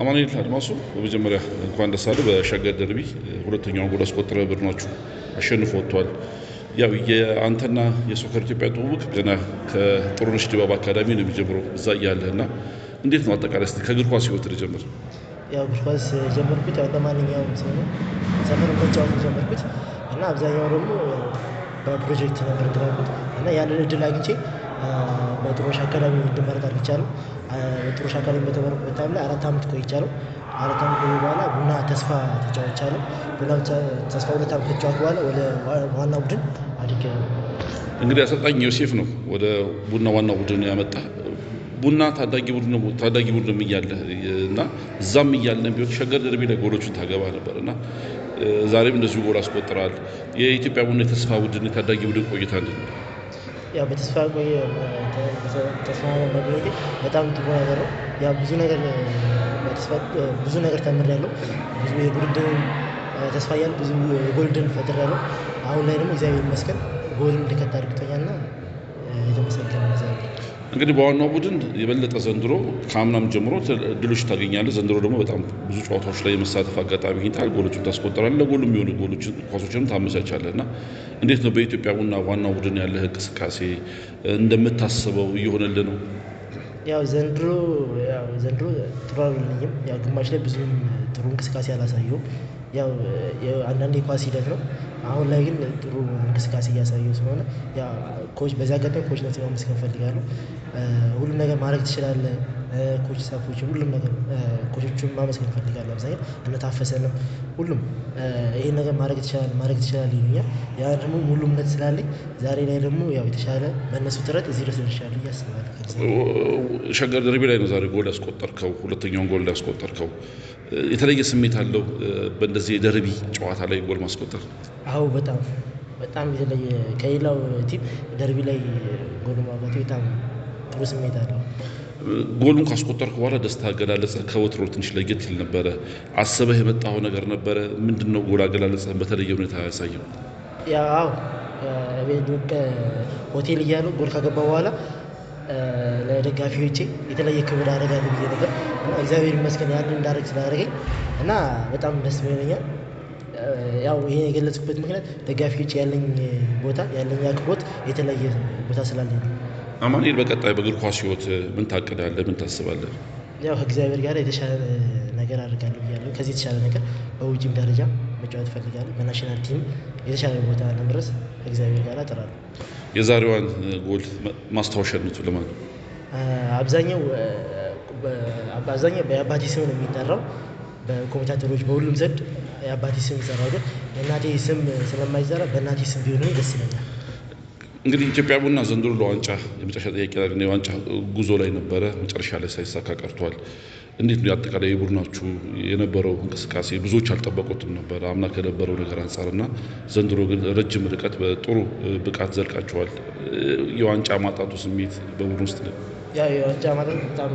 አማኑኤል አድማሱ በመጀመሪያ እንኳን ደስ አለህ። በሸገር ደርቢ ሁለተኛውን ጎል አስቆጥረህ ቡድናችሁ አሸንፎ ወጥቷል። ያው የአንተና የሶከር ኢትዮጵያ ትውውቅ ገና ከጥሩነሽ ዲባባ አካዳሚ ነው የሚጀምረው። እዛ እያለህ እና እንዴት ነው አጠቃላይ ከእግር ኳስ ህይወት ልጀምር። ያው እግር ኳስ የጀመርኩት ያው ለማንኛውም ሰው ነው ሰፈር መጫወት የጀመርኩት እና አብዛኛው ደግሞ በፕሮጀክት ነበር ግራኩት እና ያንን እድል አግኝቼ በጥሮሽ አካዳሚ እንድመረጥ አልቻልኩም። በጥሮሽ አካዳሚ በተመረኩበት ታይም ላይ አራት አመት ቆይቻለሁ። አራት አመት ከቆየሁ በኋላ ቡና ተስፋ ተጫውቻለሁ። ቡና ተስፋ ሁለት አመት ተጫወት በኋላ ወደ ዋና ቡድን አድጌያለሁ። እንግዲህ አሰልጣኝ ዮሴፍ ነው ወደ ቡና ዋና ቡድን ያመጣ ቡና ታዳጊ ቡድን ነው። ታዳጊ ቡድንም እያለህ እና እዛም እያለን ቢሆን ሸገር ደርቢ ላይ ጎሎችን ታገባ ነበር እና ዛሬም እንደዚሁ ጎል አስቆጥራል። የኢትዮጵያ ቡና የተስፋ ቡድን ታዳጊ ቡድን ቆይታ ቆይታል። ያው በተስፋ ቆየ ተስፋ መግኘቴ በጣም ጥሩ ነገር ነው። ያው ብዙ ነገር በተስፋ ብዙ ነገር ተምሬያለሁ። ብዙ የቡድን ተስፋ እያልኩ ብዙ የጎልድን ፈጥሬያለሁ። አሁን ላይ ደግሞ እግዚአብሔር ይመስገን ጎል እንድከት አድርጎኛልና የተመሰገነ እግዚአብሔር እንግዲህ በዋናው ቡድን የበለጠ ዘንድሮ ከአምናም ጀምሮ ድሎች ታገኛለህ። ዘንድሮ ደግሞ በጣም ብዙ ጨዋታዎች ላይ የመሳተፍ አጋጣሚ ይኝታል። ጎሎችም ታስቆጠራለህ። ለጎሉ የሚሆኑ ኳሶችንም ታመቻቻለህ እና እንዴት ነው በኢትዮጵያ ቡና ዋናው ቡድን ያለህ እንቅስቃሴ እንደምታስበው እየሆነልህ ነው? ያው ዘንድሮ ያው ዘንድሮ ጥሩ አይደለኝም። ያው ግማሽ ላይ ብዙም ጥሩ እንቅስቃሴ አላሳየሁም። ያው አንዳንድ የኳስ ሂደት ነው። አሁን ላይ ግን ጥሩ እንቅስቃሴ እያሳየው ስለሆነ ኮች በዚህ አጋጣሚ ኮች ነጽ ማመስገን ፈልጋለሁ። ሁሉም ነገር ማድረግ ትችላለህ ኮች ሰፎች ሁሉም ነገር ኮቾቹን ማመስገን እፈልጋለሁ። አብዛኛው እነታፈሰንም ሁሉም ይህን ነገር ማድረግ ትችላለህ ማድረግ ትችላለህ ይሉኛል ያ ደግሞ ሙሉ እምነት ስላለኝ ዛሬ ላይ ደግሞ ያው የተሻለ በእነሱ ጥረት እዚህ ድረስ ደርሻለሁ ብዬ ሸገር ደርቢ ላይ ነው ዛሬ ጎል ያስቆጠርከው ሁለተኛውን ጎል ያስቆጠርከው የተለየ ስሜት አለው በእንደዚህ የደርቢ ጨዋታ ላይ ጎል ማስቆጠር? አዎ በጣም በጣም የተለየ ከሌላው ቲም ደርቢ ላይ ጎል ማግባቱ በጣም ጥሩ ስሜት አለው ጎሉን ካስቆጠርክ በኋላ ደስታ አገላለጸ ከወትሮ ትንሽ ለየት ይል ነበረ። አሰበህ የመጣው ነገር ነበረ። ምንድን ነው ጎል አገላለጸህን በተለየ ሁኔታ ያሳየው? ያው ሆቴል እያሉ ጎል ከገባ በኋላ ለደጋፊዎቼ የተለየ ክብር አደርጋለሁ ብዬ ነበር እግዚአብሔር ይመስገን ያንን እንዳደረግ ስላደረገኝ እና በጣም ደስ ብሎኛል። ያው ይሄ የገለጽኩበት ምክንያት ደጋፊዎች ያለኝ ቦታ ያለኝ አክብሮት የተለየ ቦታ ስላለኝ ነው። አማኑኤል በቀጣይ በእግር ኳስ ህይወት ምን ታቅዳለህ? ምን ታስባለህ? ያው ከእግዚአብሔር ጋር የተሻለ ነገር አድርጋለሁ ብያለሁ። ከዚህ የተሻለ ነገር በውጭም ደረጃ መጫወት እፈልጋለሁ። በናሽናል ቲም የተሻለ ቦታ ለመድረስ ከእግዚአብሔር ጋር እጥራለሁ። የዛሬዋን ጎል ማስታወሻነቱ ለማን ነው? አብዛኛው አብዛኛው የአባቴ ስም ነው የሚጠራው በኮሚታተሮች በሁሉም ዘንድ የአባቴ ስም ይጠራል። ግን የእናቴ ስም ስለማይዘራ በእናቴ ስም ቢሆን ደስ ይለኛል። እንግዲህ ኢትዮጵያ ቡና ዘንድሮ ለዋንጫ የመጨረሻ ጥያቄ ላይ የዋንጫ ጉዞ ላይ ነበረ። መጨረሻ ላይ ሳይሳካ ቀርቷል። እንዴት ነው አጠቃላይ የቡድናችሁ የነበረው እንቅስቃሴ? ብዙዎች አልጠበቁትም ነበር አምና ከነበረው ነገር አንጻርና ዘንድሮ ግን ረጅም ርቀት በጥሩ ብቃት ዘልቃቸዋል። የዋንጫ ማጣቱ ስሜት በቡድን ውስጥ ነው? ያው የዋንጫ ማጣቱ በጣም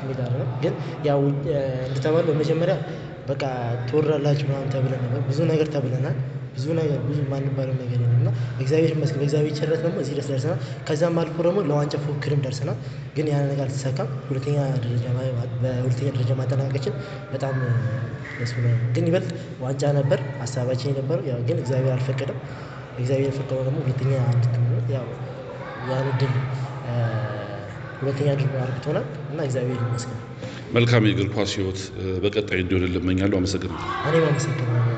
ስሜት አለ ነው። ግን ያው እንደተባለው መጀመሪያ በቃ ትወራላችሁ ምናምን ተብለን ነበር። ብዙ ነገር ተብለናል። ብዙ ነገር ብዙ ማንባለው ነገር የለም እና እግዚአብሔር ይመስገን በእግዚአብሔር ቸርነት ደግሞ እዚህ ድረስ ደርሰናል። ከዛም አልፎ ደግሞ ለዋንጫ ፉክክርም ደርሰናል። ግን ያ ነገር አልተሳካም ሁለተኛ ደረጃ በሁለተኛ ደረጃ ማጠናቀቃችን በጣም ደስ ብሎናል። ግን ይበልጥ ዋንጫ ነበር ሀሳባችን የነበረው ያው ግን እግዚአብሔር አልፈቀደም። እግዚአብሔር የፈቀደው ደግሞ ሁለተኛ ያው ያን ድል ሁለተኛ ድል አርግቶናል እና እግዚአብሔር ይመስገን። መልካም የእግር ኳስ ህይወት በቀጣይ እንዲሆን እመኛለሁ። አመሰግናለሁ። እኔም አመሰግናለሁ